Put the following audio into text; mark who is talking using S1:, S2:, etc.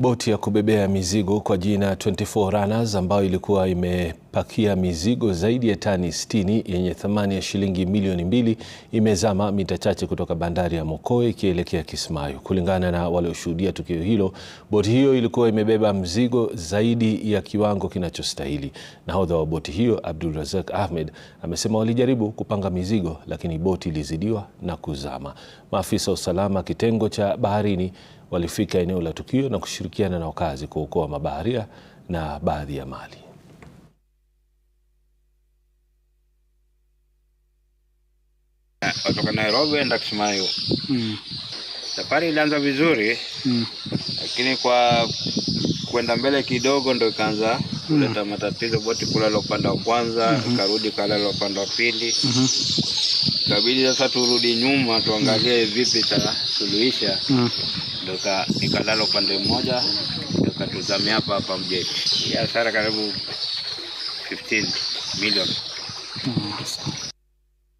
S1: Boti ya kubebea mizigo kwa jina 24 Runners ambayo ilikuwa ime pakia mizigo zaidi ya tani 60 yenye thamani ya shilingi milioni mbili imezama mita chache kutoka bandari ya mokoe ikielekea Kismayu. Kulingana na walioshuhudia tukio hilo, boti hiyo ilikuwa imebeba mzigo zaidi ya kiwango kinachostahili. Nahodha wa boti hiyo Razak Ahmed amesema walijaribu kupanga mizigo, lakini boti ilizidiwa na kuzama. Maafisa wa usalama kitengo cha baharini walifika eneo la tukio na kushirikiana na wakazi kuokoa mabaharia na baadhi ya mali.
S2: watoka Nairobi enda Kismayu mm. Safari ilianza vizuri mm. Lakini kwa kwenda mbele kidogo ndo ikaanza kuleta mm. matatizo. Boti kulala upande wa kwanza mm -hmm. Ikarudi kalala upande wa pili mm -hmm. kabidi sasa turudi nyuma tuangalie mm. vipi tasuluhisha mm. Ndo ikalala upande mmoja ndo katuzamia hapa hapa Mjeti. Hii hasara karibu 15 milioni mm.